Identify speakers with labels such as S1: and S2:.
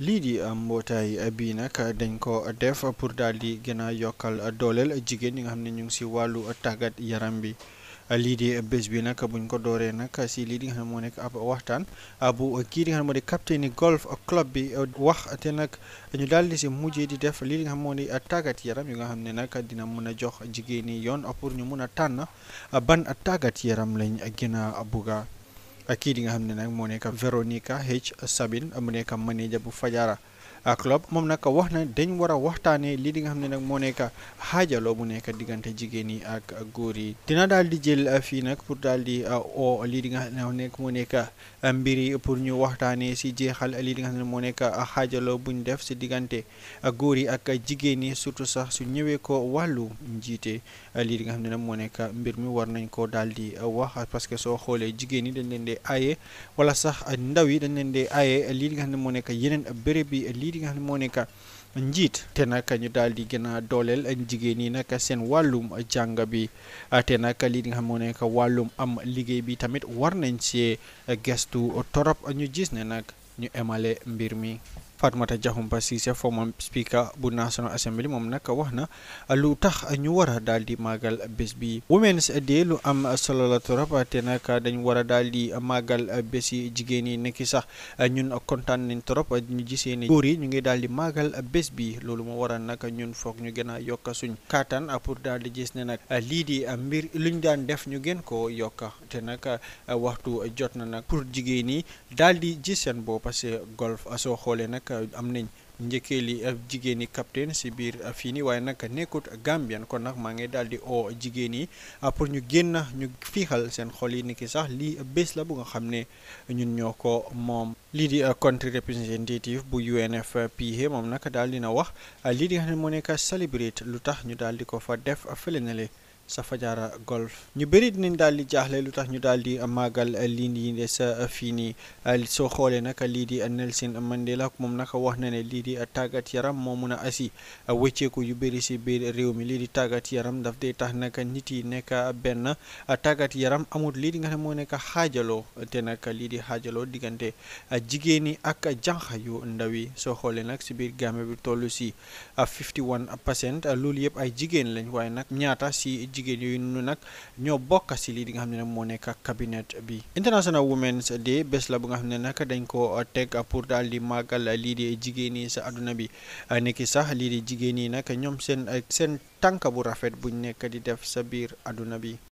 S1: lii di mbootaay bii nag dañ ko def pour daal di gën a yokkal dooleel jigéen ñi nga xam ne ñu ngi si wàllu tàggat yaram bi lii di bés bi nag buñ ko dooree nag si lii di nga xam moo nekk ab waxtaan bu kii di nga xam moo di capitaine golf club bi wax te nag ñu daal di si mujjee di def lii di nga xam moo di tàggat yaram yu nga xam ne nag dina mën a jox jigéen ñi yoon pour ñu mën a tànn ban a tàggat yaram lañ gën a bugga aki di nga xamne nak mo neka veronica h sabine mo neka manager bu fajara club moom nag wax na dañ war a waxtaanee lii dinga xam ne nag moo nekka xaajaloo bu nekk diggante jigéen yi ak góor yi dina daal di jël uh, fii nag pour daal di uh, o uh, lii di nga xam ne moo nekk pour ñu waxtaanee si jeexal lii di xam ne moo nekk xaajaloo buñ def si diggante góor yi ak jigéen yi surtout sax su ñëwee ko wàllu njiite lii di nga xam ne nag moo nekk mbir mi war nañ ko daal di wax parce que soo xoolee jigéen yi dañ leen dee aaye wala sax ndaw yi dañ leen dee aaye lii di xam ne moo nekk yeneen béréb yi lii nga xam ne moo nekk njiit te nag ñu daal di gën a dooleel jigéen yi nag seen wàllum jàng bi te nag lii di nga xam moo nekk wàllum am liggéey bi tamit war nañ ci gestu torop ñu jis ne nag ñu emale mbir mi. Fatoumata Diakhoumpa Cissé former speaker bu National Assembly moom nag wax na lu tax ñu war a daal di màggal bés bi Women's Day lu am solo la trop te nag dañ war a daal di màggal bés yi jigéen yi nekki sax ñun kontaan nañ a ñu gisee ne góor yi ñu ngi daal di màggal bés bi loolu moo waral nag ñun foog ñu gën a yokk suñ kàttan pour daal di gis ne nag lii di mbir luñ daan def ñu gën koo yokk te nag waxtu jot na nag pour jigéen yi daal seen bopp parce que golf soo xoolee nag am nañ njëkkee li ab jigéeni yi capitaine si biir ah, fii nii waaye nag nekkut Gambien kon nag maa ngi daal di oo jigéen yi ah, pour ñu génn ñu fiixal seen xol yi niki sax lii bés la bu nga xam ne ñun ñoo ko moom. lii di ah, country representative bu UNFPA moom naka daal na wax lii di nga xam ne moo nekk celebrate lu tax ñu daal di ko fa def fële na Safajara Golf ñu bari dinañ daal di jaaxle lu tax ñu daal di màggal lii yi des uh, fii nii uh, soo xoolee nag lii di Nelson Mandela moom nag wax na ne lii di tàggat yaram moo mun a asi uh, wëcceeku yu bëri si biir réew mi lii di tàggat yaram daf day tax nag nit yi nekk benn tàggat yaram amul lii di nga xam moo nekk xaajaloo te nag lii di xaajaloo diggante jigéen ñi ak jànq yu ndaw yi soo xoolee nag si biir Gambie bi toll si 51 percent loolu yëpp ay jigéen lañ jigéen yooyu noonu nag ñoo bokk si lii di nga xam ne nag moo nekk cabinet bi International Women's Day bés la bu nga xam ne nag dañ ko teg pour daal di màggal lii di jigéen yi sa adduna bi nekki sax lii di jigéen yi nag ñoom seen seen tànk bu rafet buñ nekk di def sa biir àdduna bi